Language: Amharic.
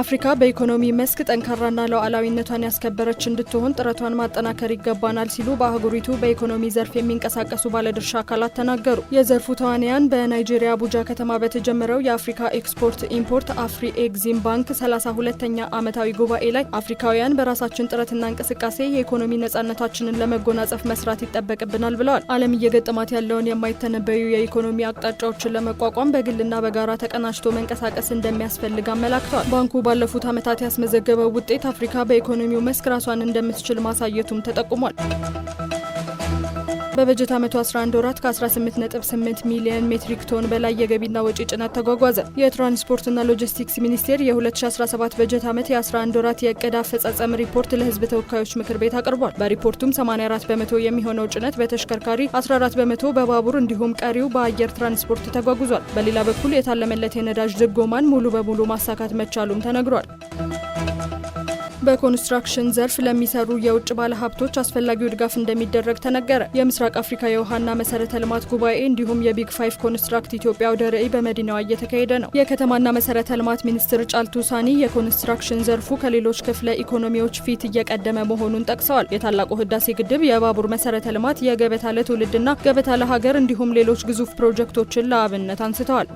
አፍሪካ በኢኮኖሚ መስክ ጠንካራና ሉዓላዊነቷን ያስከበረች እንድትሆን ጥረቷን ማጠናከር ይገባናል ሲሉ በአህጉሪቱ በኢኮኖሚ ዘርፍ የሚንቀሳቀሱ ባለድርሻ አካላት ተናገሩ። የዘርፉ ተዋንያን በናይጄሪያ አቡጃ ከተማ በተጀመረው የአፍሪካ ኤክስፖርት ኢምፖርት አፍሪ ኤግዚም ባንክ 32 ተኛ ዓመታዊ ጉባኤ ላይ አፍሪካውያን በራሳችን ጥረትና እንቅስቃሴ የኢኮኖሚ ነጻነታችንን ለመጎናጸፍ መስራት ይጠበቅብናል ብለዋል። ዓለም እየገጠማት ያለውን የማይተነበዩ የኢኮኖሚ አቅጣጫዎችን ለመቋቋም በግልና በጋራ ተቀናጅቶ መንቀሳቀስ እንደሚያስፈልግ አመላክተዋል። ባንኩ ባለፉት ዓመታት ያስመዘገበው ውጤት አፍሪካ በኢኮኖሚው መስክ ራሷን እንደምትችል ማሳየቱም ተጠቁሟል። በበጀት ዓመቱ 11 ወራት ከ18.8 ሚሊዮን ሜትሪክ ቶን በላይ የገቢና ወጪ ጭነት ተጓጓዘ። የትራንስፖርትና ሎጂስቲክስ ሚኒስቴር የ2017 በጀት ዓመት የ11 ወራት የእቅድ አፈጻጸም ሪፖርት ለሕዝብ ተወካዮች ምክር ቤት አቅርቧል። በሪፖርቱም 84 በመቶ የሚሆነው ጭነት በተሽከርካሪ፣ 14 በመቶ በባቡር እንዲሁም ቀሪው በአየር ትራንስፖርት ተጓጉዟል። በሌላ በኩል የታለመለት የነዳጅ ድጎማን ሙሉ በሙሉ ማሳካት መቻሉም ተነግሯል። በኮንስትራክሽን ዘርፍ ለሚሰሩ የውጭ ባለሀብቶች አስፈላጊው ድጋፍ እንደሚደረግ ተነገረ። የምስራቅ አፍሪካ የውሃና መሰረተ ልማት ጉባኤ እንዲሁም የቢግ ፋይቭ ኮንስትራክት ኢትዮጵያ አውደ ርዕይ በመዲናዋ እየተካሄደ ነው። የከተማና መሰረተ ልማት ሚኒስትር ጫልቱ ሳኒ የኮንስትራክሽን ዘርፉ ከሌሎች ክፍለ ኢኮኖሚዎች ፊት እየቀደመ መሆኑን ጠቅሰዋል። የታላቁ ህዳሴ ግድብ፣ የባቡር መሰረተ ልማት፣ የገበታ ለትውልድና ገበታ ለሀገር እንዲሁም ሌሎች ግዙፍ ፕሮጀክቶችን ለአብነት አንስተዋል።